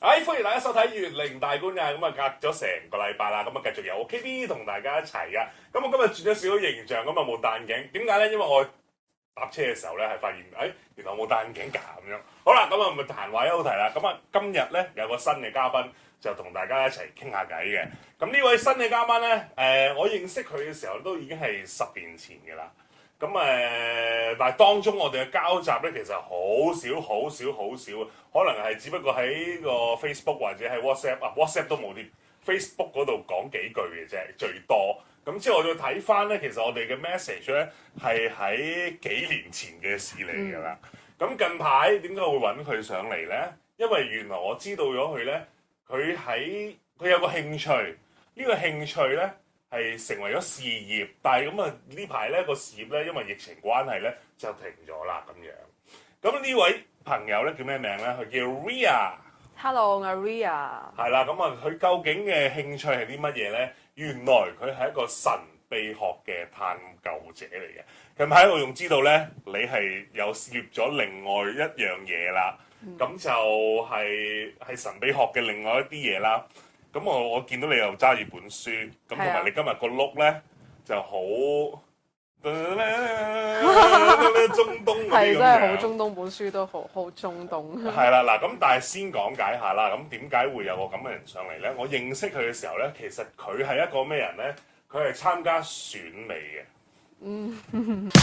哎，歡迎大家收睇《玄靈大觀》啊！咁啊，隔咗成個禮拜啦，咁啊，繼續有 KB 同大家一齊噶。咁我今日轉咗少少形象，咁啊，冇戴眼鏡。點解咧？因為我搭車嘅時候咧，係發現哎，原來冇戴眼鏡架咁樣。好啦，咁啊，咪閒話休提啦。咁啊，今日咧有個新嘅嘉賓，就同大家一齊傾下偈嘅。咁呢位新嘅嘉賓咧，誒，我認識佢嘅時候都已經係十年前嘅啦。咁誒，但係當中我哋嘅交集咧，其實好少、好少、好少、好少，可能係只不過喺個 Facebook 或者喺 WhatsApp，啊 WhatsApp 都冇啲 Facebook 嗰度講幾句嘅啫，最多。咁之後我再睇返咧，其實我哋嘅 message 咧係喺幾年前嘅事嚟噶啦。咁近排點解會揾佢上嚟咧？因為原來我知道咗佢咧，佢喺佢有個興趣，呢、這個興趣咧，係成為咗事業，但係咁啊呢排咧個事業咧，因為疫情關係咧就停咗啦咁樣。咁呢位朋友咧叫咩名咧？佢叫 Ria。Hello，Ria。係啦，咁啊佢究竟嘅興趣係啲乜嘢咧？原來佢係一個神秘學嘅探究者嚟嘅。近排我仲知道咧，你係有涉獵咗另外一樣嘢啦。咁就係係神秘學嘅另外一啲嘢啦。咁我我見到你又揸住本書，咁同埋你今日個 look 咧就好中東嗰啲咁嘅。係，真係好中東。本書都好好中東。係 啦，嗱咁，但係先講解下啦。咁點解會有個咁嘅人上嚟咧？我認識佢嘅時候咧，其實佢係一個咩人咧？佢係參加選美嘅。嗯。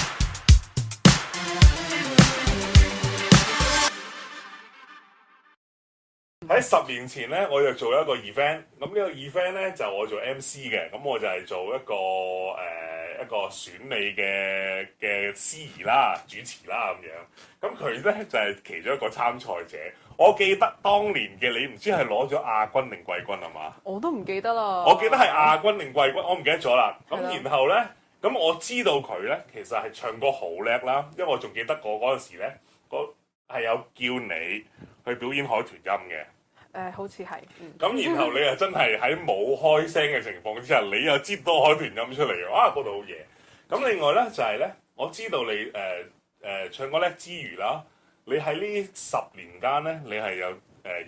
喺十年前咧，我做呢就，是、我做，我就做一個 event，咁呢個 event 咧就我做 MC 嘅，咁我就係做一個誒一個選美嘅嘅司儀啦、主持啦咁樣。咁佢咧就係、是、其中一個參賽者。我記得當年嘅你唔知係攞咗亞軍定季軍係嘛？我都唔記得啦。我記得係亞軍定季軍，我唔記得咗啦。咁然後咧，咁的我知道佢咧其實係唱歌好叻啦，因為我仲記得我嗰陣時咧，我係有叫你去表演海豚音嘅。誒、呃、好似係，咁、嗯、 然後你又真係喺冇開聲嘅情況之下，你又接多海豚音出嚟嘅，啊度好嘢！咁另外咧就係、是、咧，我知道你誒誒、呃呃、唱歌咧之餘啦，你喺呢十年間咧，你係有誒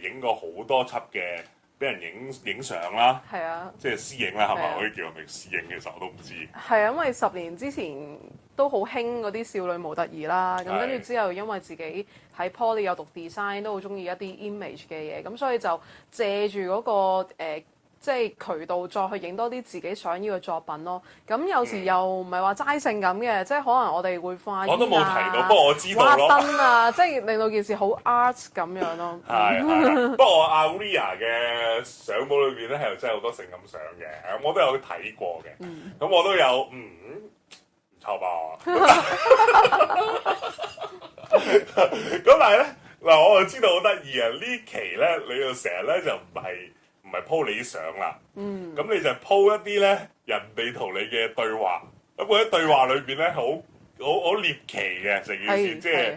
影、呃、過好多輯嘅，俾人影影相啦，係啊，即係私影啦，係咪？是啊、我可以叫咪私影，其實我都唔知道。係啊，因為十年之前。都好興嗰啲少女模特兒啦，咁跟住之後，因為自己喺 Poly 有讀 design，都好中意一啲 image 嘅嘢，咁所以就借住嗰、那個、呃、即係渠道再去影多啲自己想要嘅作品咯。咁有時又唔係話齋性感嘅，嗯、即係可能我哋會花、啊、我都冇提到，不過我知道花燈啊，即係令到件事好 art 咁樣咯。係，不過我阿 Ria 嘅相簿裏面咧，係有真係好多性感相嘅，我都有睇過嘅。咁、嗯、我都有嗯。好唔好啊？咁 Okay. 但係咧嗱，我就知道好得意啊！呢期咧，不是你，的嗯、你就成日咧就唔係唔係 po 你相啦，嗯，咁你就 po 一啲咧人哋同你嘅對話，咁佢喺對話裏邊咧，好好好獵奇嘅成件事，即係。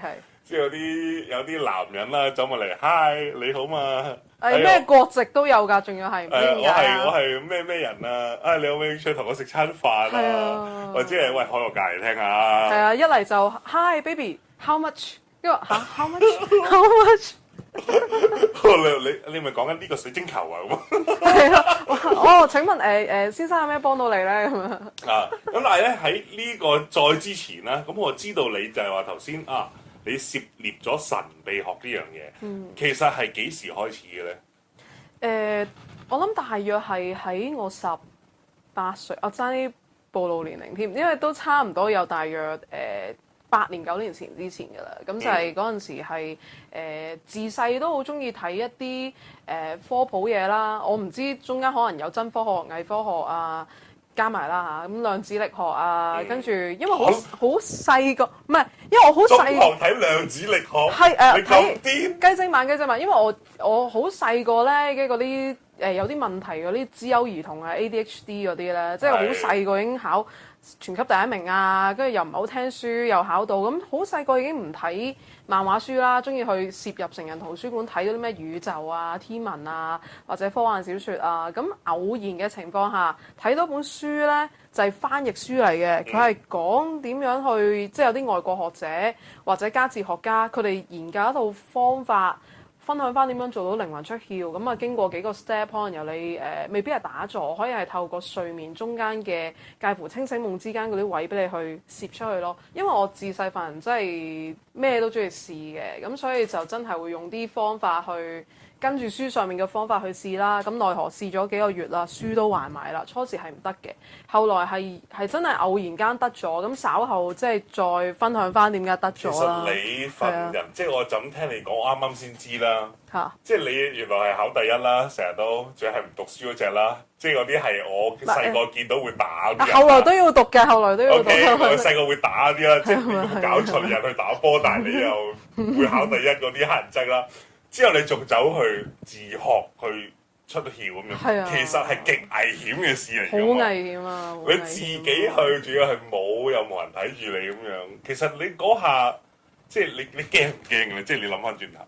即係有啲有啲男人啦、啊，走埋嚟 hi，你好嘛？誒、哎，咩是國籍都有噶，仲要係我係我係咩咩人啊？誒、哎，你有冇興趣同我食餐飯啊？是啊或者係喂開個價嚟聽下、啊？係啊，一嚟就 hi baby，how much？跟住吓 how much？how much？ 你你你咪講緊呢個水晶球啊？咁？係啊！哦，請問誒誒、呃呃，先生有咩幫到你咧咁樣 啊？啊，咁但係咧喺呢個再之前啦，咁我知道你就係話頭先啊。你涉獵咗神秘學呢樣嘢，嗯、其實係幾時開始嘅咧？誒、呃，我諗大約係喺我十八歲，我爭啲暴露年齡添，因為都差唔多有大約誒八、呃、年九年前之前噶啦。咁就係嗰陣時係誒、呃、自細都好中意睇一啲誒、呃、科普嘢啦。我唔知中間可能有真科學、偽科學啊。加埋啦，吓，咁量子力學啊，嗯、跟住因為好好細個，唔係因為我好細個，我唔係睇量子力學，係誒、啊，你睇點雞精版雞精版，因為我我好細個咧，跟住嗰啲。呃、有啲問題嗰啲智優兒童啊，ADHD 嗰啲咧，即係好細個已經考全級第一名啊，跟住又唔好聽書，又考到咁好細個已經唔睇漫畫書啦，鍾意去涉入成人圖書館睇到啲咩宇宙啊、天文啊或者科幻小說啊，咁偶然嘅情況下睇到本書咧就係、是、翻譯書嚟嘅，佢係講點樣去即係有啲外國學者或者家哲學家佢哋研究一套方法。分享翻點樣做到靈魂出竅咁啊？經過幾個 step，可能由你、呃、未必係打坐，可以係透過睡眠中間嘅介乎清醒夢之間嗰啲位俾你去攝出去咯。因為我自細份人真係咩都中意試嘅，咁所以就真係會用啲方法去。跟住書上面嘅方法去試啦，咁奈何試咗幾個月啦，書都還埋啦。初時係唔得嘅，後來係真係偶然間得咗，咁稍後即係再分享返點解得咗啦。其實你份人，啊、即係我就咁聽你講，我啱啱先知啦。即係你原來係考第一啦，成日都淨係唔讀書嗰隻啦。即係嗰啲係我細個見到會打、欸。後來都要讀嘅，後來都要讀。Okay, 我細個會打啲啦，即係唔搞錯人去打波，啊啊、但係你又會考第一嗰啲痕跡啦。 之後你仲走去自學去出竅咁樣，係啊、其實係極危險嘅事嚟嘅。好危險啊！險啊你自己去，仲要係冇又冇人睇住你咁樣。其實你嗰下即係你你驚唔驚㗎，即係你諗翻轉頭。誒、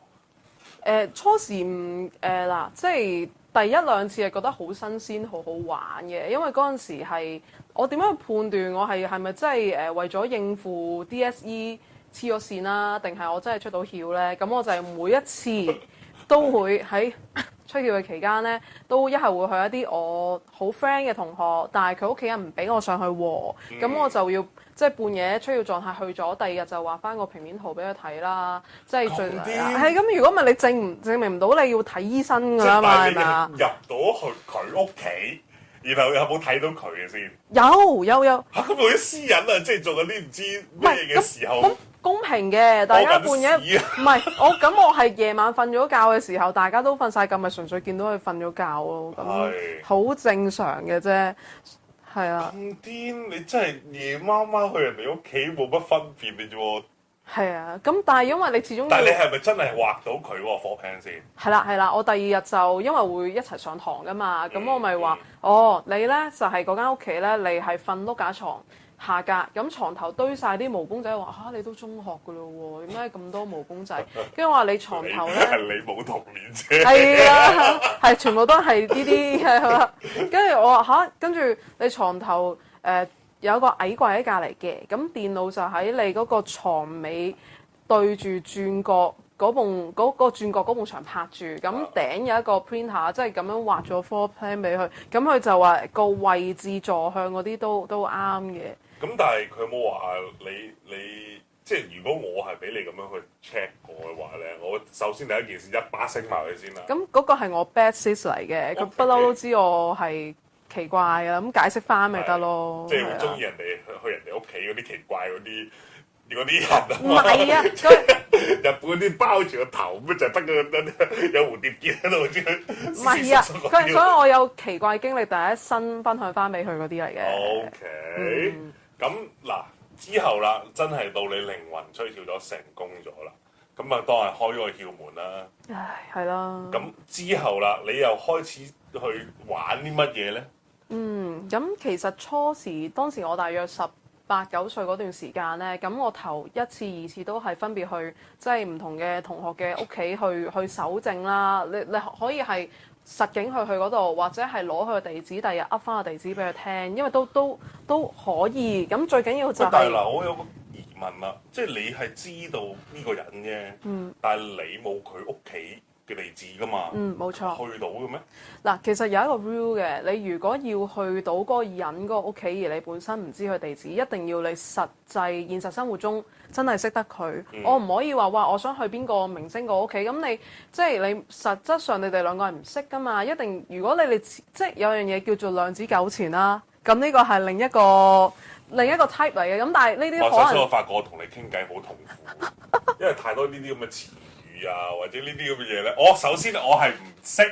呃、初時唔誒嗱，即係第一兩次係覺得好新鮮，好好玩嘅。因為嗰陣時係我點樣去判斷我係係咪真係誒為咗應付 DSE？黐咗線啦，定係我真係出到竅咧？咁我就每一次都會喺出竅嘅期間咧，都一係會去一啲我好 friend 嘅同學，但係佢屋企人唔俾我上去喎。咁、嗯、我就要即係半夜出竅狀態去咗，第二日就畫翻個平面圖俾佢睇啦。即係盡啲。係咁些，如果唔係你證明證明唔到你要睇醫生㗎嘛？係咪啊？入到去佢屋企，然後有冇睇到佢嘅先？有有悠！嚇、啊！咁我啲私隱啊，即係做緊啲唔知咩嘅時候。公平嘅，大家半夜唔係我咁， 我係夜晚瞓咗覺嘅時候，大家都瞓晒，咁咪純粹見到佢瞓咗覺咯，咁好唉正常嘅啫，係啊。咁癲你真係夜媽媽去人哋屋企冇乜分別嘅啫喎。係啊，咁、啊、但係因為你始終但你係咪真係畫到佢 floor plan 先？係啦係啦，我第二日就因為會一齊上堂噶嘛，咁、嗯、我咪話、嗯、哦，你咧就係嗰間屋企咧，你係瞓碌架床，下格，咁床頭堆晒啲毛公仔，話嚇、啊、你都中學㗎咯喎，點解咁多毛公仔？跟住 我話你床頭咧係你冇童年啊，係全部都係呢啲。跟住我話跟住你床頭誒、呃、有一個矮櫃喺隔離嘅，咁電腦就喺你嗰個床尾對住轉角嗰埲嗰個轉角嗰埲牆拍住，咁頂有一個 printer，即係咁樣畫咗 floor plan 俾佢。咁佢就話個位置座向嗰啲都都啱嘅。咁但係佢冇話你你即係如果我係俾你咁樣去 check 過嘅話咧，我首先第一件事一巴升埋佢先啦。咁嗰個係我 bad sis 嚟嘅，佢不嬲都知我係奇怪㗎喇。咁解釋翻咪得咯。即係會中意人哋去人哋屋企嗰啲奇怪嗰啲啲人啊？唔係啊，日本啲包住個頭就得個有蝴蝶結喺度唔係啊，所以我有奇怪經歷，但係新分享翻俾佢嗰啲嚟嘅。OK。咁嗱，之後啦，真係到你靈魂出竅咗成功咗啦，咁啊當係開個竅門啦。唉，係啦。咁之後啦，你又開始去玩啲乜嘢咧？嗯，咁其實初時當時我大約十八九歲嗰段時間咧，咁我頭一次、二次都係分別去即係唔同嘅同學嘅屋企去去守證啦。你你可以係。實景去去嗰度，或者係攞佢個地址，第日噏翻個地址俾佢聽，因為都都都可以。咁最緊要就係、是。但係嗱，我有個疑問啦，即係你係知道呢個人啫，嗯、但係你冇佢屋企嘅地址噶嘛？嗯，冇錯。去到嘅咩？嗱，其實有一個 rule 嘅，你如果要去到嗰個人嗰個屋企，而你本身唔知佢地址，一定要你實際現實生活中。真係識得佢，嗯、我唔可以話哇！我想去邊個明星個屋企咁，你即係你實質上你哋兩個人唔識噶嘛，一定，如果你哋即係有樣嘢叫做量子糾纏啦，咁呢個係另一個另一個 type 嚟嘅，咁但係呢啲可能。我最初發覺同你傾偈好痛苦， 因為太多呢啲咁嘅詞語啊，或者這些東西呢啲咁嘅嘢咧。我首先我係唔識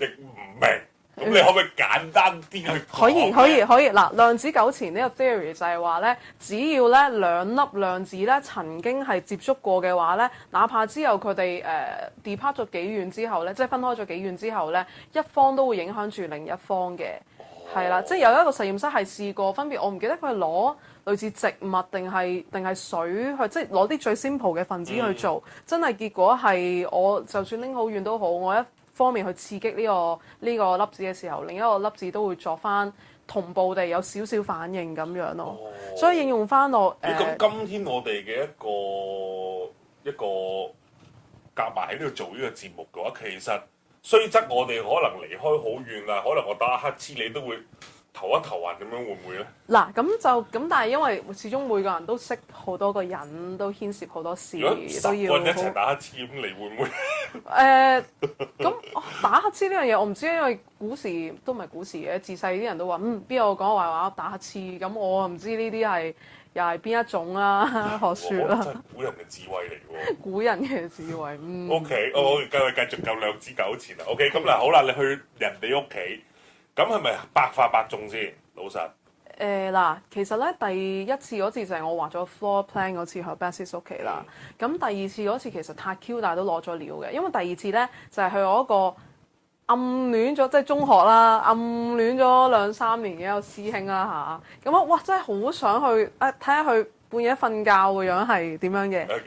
亦唔明白。咁、嗯、你可唔可以簡單啲去講？可以可以可以嗱，量子糾纏呢個 theory 就係話咧，只要咧兩粒量子咧曾經係接觸過嘅話咧，哪怕之後佢哋誒、呃、depart 咗幾遠之後咧，即係分開咗幾遠之後咧，一方都會影響住另一方嘅。係啦、oh.，即係有一個實驗室係試過分別，我唔記得佢攞類似植物定係定係水去，即係攞啲最 simple 嘅分子去做，mm. 真係結果係我就算拎好遠都好，我一方面去刺激呢、這個呢、這個、粒子嘅時候，另一個粒子都會作翻同步地有少少反應咁樣咯。哦、所以應用翻落。咁、嗯呃、今天我哋嘅一個一個夾埋喺呢度做呢個節目嘅話，其實雖則我哋可能離開好遠啦，可能我打乞嗤你都會，投一投還咁樣會唔會咧？嗱，咁就咁，但係因為始終每個人都識好多個人，都牽涉好多事，都要一齊打乞嗤，咁你會唔會？誒、呃，咁、哦、打乞嗤呢樣嘢，我唔知道，因為古時都唔係古時嘅。自細啲人都話，嗯，邊有講壞話說打乞嗤，咁我唔知呢啲係又係邊一種啊？學說啦，哦、真係古人嘅智慧嚟喎。 古人嘅智慧，嗯。O K，我繼續繼續夠兩支狗錢啦。O K，咁嗱，好啦，你去人哋屋企。咁係咪百發百中先？老實誒嗱、欸，其實咧，第一次嗰次就係我畫咗 floor plan 嗰次去 Basis、嗯、s 屋企啦。咁第二次嗰次其實太 Q，但係都攞咗料嘅，因為第二次咧就係去嗰個暗戀咗即係中學啦，暗戀咗兩三年嘅一個師兄啦吓？咁啊，哇！真係好想去誒睇下佢。看看去半夜瞓覺個樣係點樣嘅？係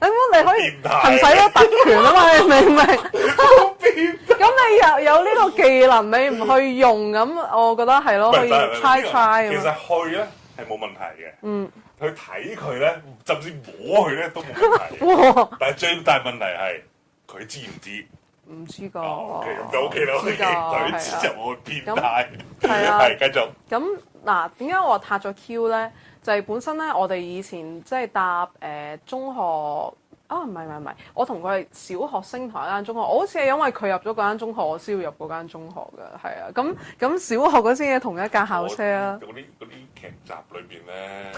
咁你你可以行使到特權啊嘛？你明唔明？咁你有有呢個技能，你唔去用咁，我覺得係咯，可以猜猜其實去咧係冇問題嘅。嗯。去睇佢咧，甚至摸佢咧都冇問題。但係最大問題係佢知唔知？唔知㗎。咁就 OK 啦。佢知就會變態。係啊，係繼續。咁嗱，點解我話撻咗 Q 咧？就係本身呢，我哋以前即係搭誒、呃、中學啊，唔係唔係唔係，我同佢係小學升同一間中學，我好似係因為佢入咗嗰間中學，我先入嗰間中學㗎。係啊，咁咁小學嗰陣先係同一架校車啊！嗰啲嗰啲劇集裏邊咧，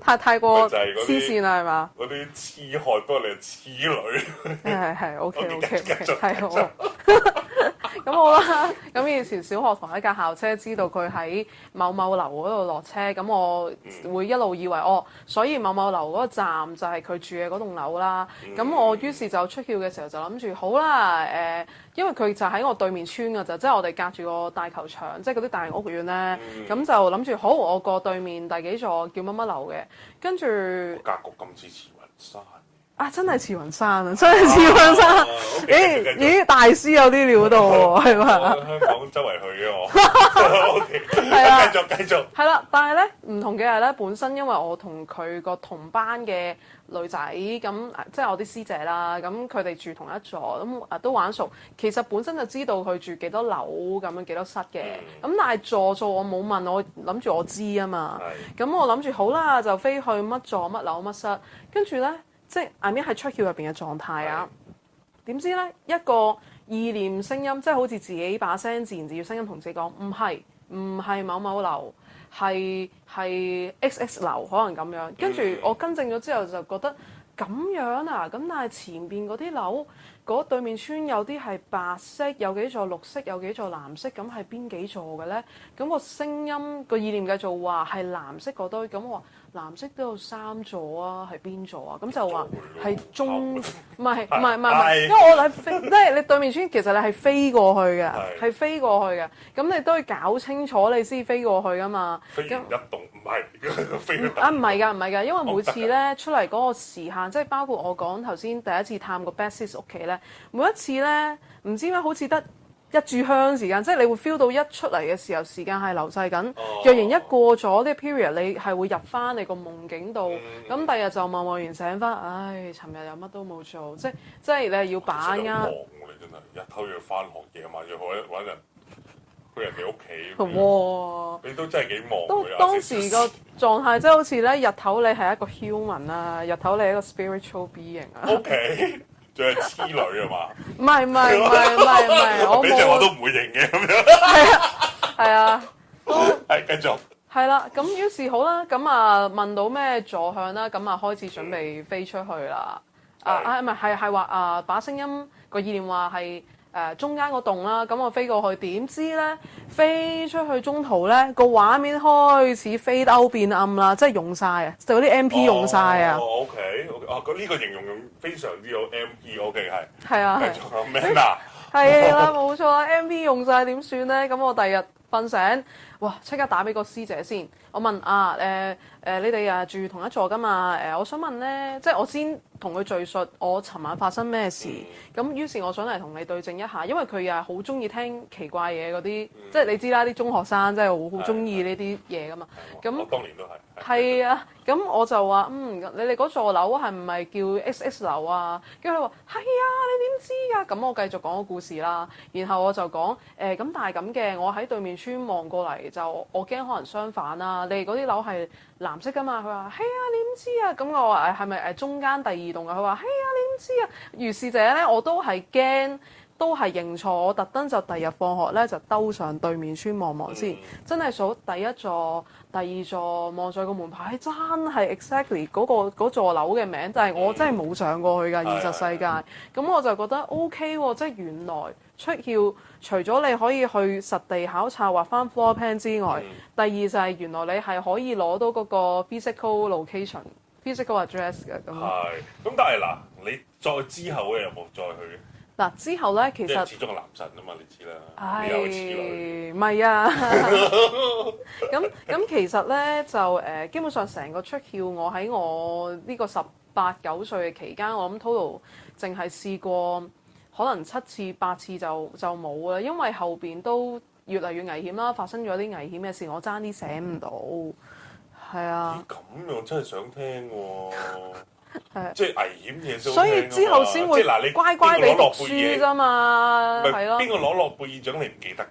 太太過黐線啦，係嘛？嗰啲黐害不過你黐女， 係係 OK OK OK，係好。 咁 好啦，咁以前小學同喺架校車，知道佢喺某某樓嗰度落車，咁我會一路以為、嗯、哦，所以某某樓嗰個站就係佢住嘅嗰棟樓啦。咁、嗯、我於是就出竅嘅時候就諗住，好啦，誒、呃，因為佢就喺我對面村噶，就即係我哋隔住個大球場，即係嗰啲大型屋苑咧。咁、嗯、就諗住好，我過對面第幾座叫乜乜樓嘅，跟住格局咁支持雲山。啊！真係慈雲山啊，真係慈雲山。咦咦、啊 okay, 欸欸，大師有啲料到喎，係嘛？香港周圍去嘅我，係、okay, 啊、嗯，繼續繼續。係啦、啊，但係咧唔同嘅係咧，本身因為我同佢個同班嘅女仔咁，即係我啲師姐啦，咁佢哋住同一座咁啊，都玩熟。其實本身就知道佢住幾多樓咁樣幾多室嘅，咁、嗯、但係座座我冇問，我諗住我知啊嘛。咁，我諗住好啦，就飛去乜座乜樓乜室，跟住咧。即係 I mean 係出竅入面嘅狀態啊，點對知呢？一個意念聲音，即係好似自己把聲，自然自然聲音同自己講，唔係唔係某某樓，係係 X X 樓，可能咁樣。跟住我更正咗之後，就覺得咁樣啊，咁但係前面嗰啲樓，嗰對面村有啲係白色，有幾座綠色，有幾座藍色，咁係邊幾座嘅呢？咁個聲音個意念繼續話係藍色嗰堆，咁我。藍色都有三座啊，係邊座啊？咁就話係中，唔係唔係唔係，因為我係飛，即係 你對面村，其實你係飛過去嘅，係是飛過去嘅。咁你都要搞清楚，你先飛過去噶嘛。飛入一棟唔係飛去啊！唔係噶，唔係噶，因為每次咧出嚟嗰個時限，Okay. 即係包括我講頭先第一次探個 best sis 屋企咧，每一次咧唔知點解好似得。一炷香時間，即係你會 feel 到一出嚟嘅時候，時間係流逝緊。啊、若然一過咗啲 period，你係會入翻你個夢境度。咁第日就望望完醒翻，唉，尋日又乜都冇做，即係即係你係要把握。你忙，你真係日頭要翻學，夜晚要揾人去人哋屋企。哇！哦、你都真係幾忙。哦、當當時個狀態即係好似咧，日頭你係一個 human 啊，日頭你係一個 spiritual being 啊。OK。仲係痴女啊嘛？唔係唔係唔係唔係我俾只我都唔會認嘅，咁樣。係啊係啊，係繼續。係啦，咁於是好啦，咁啊問到咩座向啦，咁啊開始準備飛出去啦。嗯、啊啊唔係係係話啊，把聲音個意念話係誒中間個洞啦，咁我飛過去，點知咧飛出去中途咧個畫面開始飛得變暗啦，即係用晒啊，就嗰啲 M P 用晒啊。O K、哦。Okay, okay. 哦，呢個形容用非常之好，M V O K 係係啊，繼續講 man a 係啦，冇錯啊，M V 用晒點算咧？咁我第日。瞓醒，哇！即刻打俾個師姐先。我問啊，呃呃、你哋啊住同一座噶嘛、呃？我想問咧，即係我先同佢敍述我尋晚發生咩事。咁、嗯、於是我想嚟同你對證一下，因為佢又係好中意聽奇怪嘢嗰啲，嗯、即係你知啦，啲中學生真係好中意呢啲嘢噶嘛。咁的，那我當年都係係啊。咁我就話，嗯，你哋嗰座樓係唔係叫 X X 樓啊？跟住佢話係啊，你點知啊？」咁我繼續講個故事啦。然後我就講誒，咁、呃、但係咁嘅，我喺對面。村望過嚟，就我驚可能相反啦，你哋嗰啲樓係藍色噶嘛？佢話係啊，你唔、hey, 知啊。咁我話係咪誒中間第二棟啊？佢話係啊，hey, 你唔知啊。預是者咧，我都係驚，都係認錯。我特登就第日放學咧就兜上對面村望望先，嗯、真係數第一座、第二座，望上、哎那個門牌真係 exactly 嗰個嗰座樓嘅名字，但係我真係冇上過去噶現實世界。咁、哎、呀我就覺得 O、OK、K、哦、即係原來出竅。除咗你可以去實地考察或翻 floor plan 之外，嗯、第二就係原來你係可以攞到嗰個 physical location、嗯、physical address 嘅。咁。咁但係嗱，你再之後咧有冇再去嗱、啊，之後咧其實即係始終係男神啊嘛，你知啦，有錢咪啊！咁咁 其實咧就誒，基本上成個出竅，我喺我呢個十八九歲嘅期間，我諗 total 淨係試過。可能七次八次就就冇啦，因為後邊都越嚟越危險啦，發生咗啲危險嘅事，我爭啲醒唔到，係、嗯、啊。咁又真係想聽喎、啊， 係啊、即係危險嘢、啊。所以之後先會乖乖，嗱，你乖乖地讀書啫嘛。係咯、啊，邊個攞諾貝爾獎你唔記得㗎？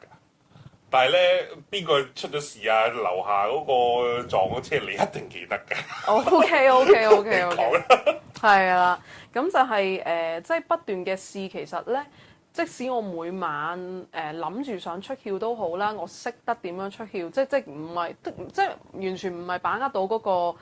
但係咧，邊個出咗事啊？樓下嗰個撞咗車，你一定記得㗎。 oh, OK OK OK OK, okay.。 係啦，咁就係、誒、即係不斷嘅試。其實咧，即使我每晚誒諗住想出竅都好啦，我識得點樣出竅，即即唔係即完全唔係把握到嗰個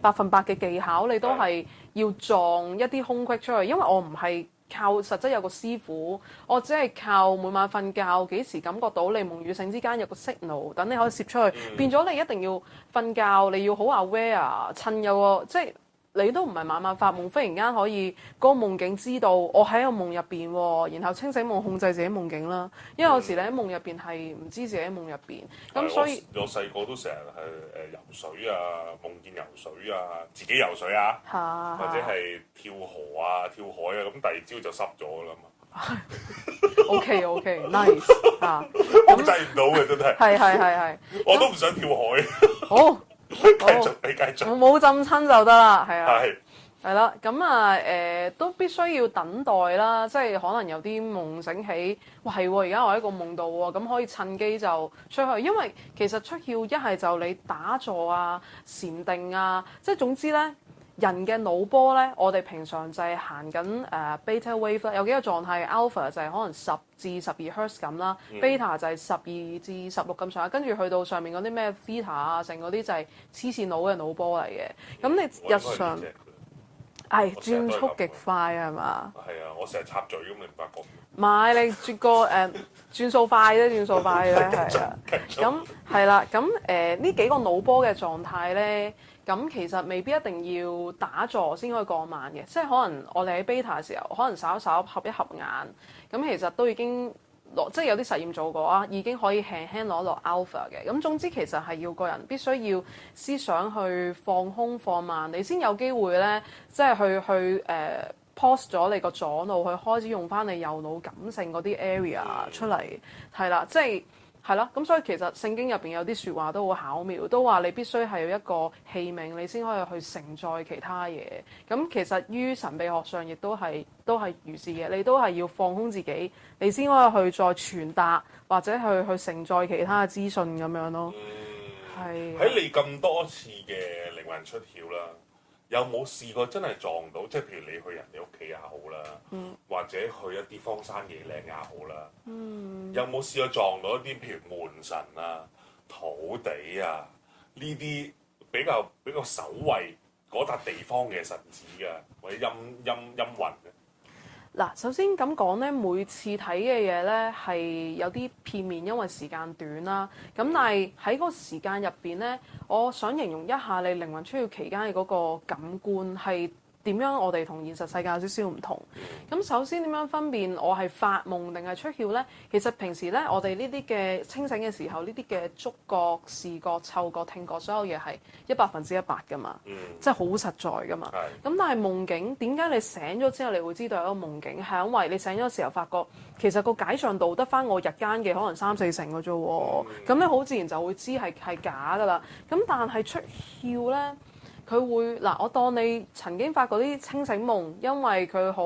百分百嘅技巧，你都係要撞一啲空隙出去。因為我唔係靠實質有個師傅，我只係靠每晚瞓覺幾時感覺到你夢與醒之間有個 signal，等你可以攝出去。嗯、變咗你一定要瞓覺，你要好 aware 啊，趁有個即係你都唔係晚晚發夢，忽然間可以個夢境知道我喺個夢入邊喎，然後清醒夢控制自己夢境啦。因為有時你喺夢入邊係唔知自己喺夢入邊，咁、嗯、所以我細個都成日係游水啊，夢見游水啊，自己游水啊，啊或者係跳河啊、跳海啊，咁第二朝就濕咗啦嘛。OK OK nice 啊，控制唔到嘅真係係係係， 我都唔想跳海那。 好。繼續，oh, 你繼續。冇浸親就得啦，係啊，係啦的。咁啊，誒、呃，都必須要等待啦。即係可能有啲夢醒起，喂，係喎，而家我喺個夢度喎。咁可以趁機就出去，因為其實出竅一係就你打坐啊、禪定啊，即係總之咧。人嘅腦波咧，我哋平常就係行緊、uh, beta wave，有幾個狀態 alpha 就係可能十至十二 hertz 咁啦，beta 就係十二至十六咁上下，跟住去到上面嗰啲咩 theta 啊，成嗰啲就係黐線腦嘅腦波嚟嘅。咁、嗯、你日常係、哎、轉速極快啊？係嘛？係啊，我成日插嘴咁，你唔發覺？唔係你轉個轉數快啫，轉數快呢？係啊 對。咁係啦，咁呢、uh, 幾個腦波嘅狀態咧。咁其實未必一定要打坐先可以過慢嘅，即係可能我哋喺 beta 嘅時候，可能稍稍合一合眼，咁其實都已經落，即係有啲實驗做過啊，已經可以輕輕攞落 alpha 嘅。咁總之其實係要個人必須要思想去放空放慢，你先有機會咧，即係去去誒 pause 咗你個左腦去開始用翻你右腦感性嗰啲 area 出嚟，係啦、嗯，即係。係咯，咁所以其實聖經入邊有啲説話都好巧妙，都話你必須係有一個器皿，你先可以去承載其他嘢。咁其實於神秘學上亦都係都係如是嘅，你都係要放空自己，你先可以去再傳達或者去去承載其他嘅資訊咁樣咯。係。嗯，喺你咁多次嘅靈魂出竅啦，有冇試過真係撞到？即係譬如你去人哋屋企也好啦，嗯、或者去一啲荒山野嶺也好啦。嗯有冇試過撞到一啲譬如門神啊、土地啊呢啲比較比較守衞嗰笪地方嘅神子嘅、啊、或者陰陰陰魂嘅、啊？嗱，首先咁講咧，每次睇嘅嘢咧係有啲片面，因為時間短啦。咁但係喺嗰個時間入邊咧，我想形容一下你靈魂出竅期間嘅嗰個感官係。點樣我哋同現實世界有少少唔同？咁首先點樣分辨我係發夢定係出竅呢？其實平時呢，我哋呢啲嘅清醒嘅時候，呢啲嘅觸覺、視覺、嗅覺、聽覺，所有嘢係一百分之一百噶嘛，嗯、即係好實在噶嘛。咁是但係夢境點解你醒咗之後，你會知道有個夢境？係因為你醒咗時候發覺，其實個解像度得翻我日間嘅可能三四成嘅啫喎。咁、嗯、你好自然就會知係係假噶啦。咁但係出竅呢？佢會嗱、啊，我當你曾經發過啲清醒夢，因為佢好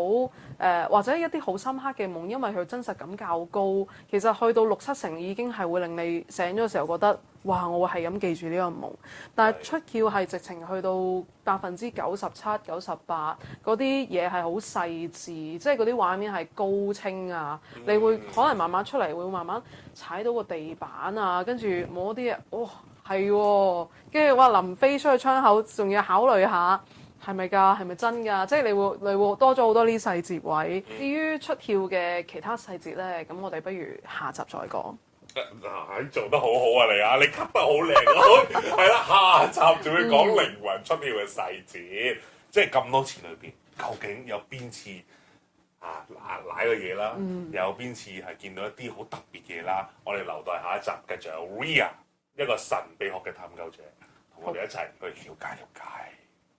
誒，或者一啲好深刻嘅夢，因為佢真實感較高。其實去到六七成已經係會令你醒咗嘅時候覺得，哇！我會係咁記住呢個夢。但係出竅係直情去到百分之九十七、九十八嗰啲嘢係好細緻，即係嗰啲畫面係高清啊。你會可能慢慢出嚟，會慢慢踩到個地板啊，跟住冇啲嘢，哇、哦！係，跟住話林飛出去窗口，仲要考慮下係咪㗎？係咪真㗎？即係你會你會多咗好多呢細節位。至於出竅嘅其他細節咧，咁我哋不如下集再講。嗱、啊，做得好好啊你啊，你吸得好靚啊，係啦、 啊，下集仲要講靈魂出竅嘅細節，嗯、即係咁多次裏邊，究竟有邊次啊，奶嘅嘢啦，嗯、有邊次係見到一啲好特別嘅嘢啦，我哋留待下一集繼續。Ria 一個神秘學嘅探究者，同我哋一齊去了解、了解。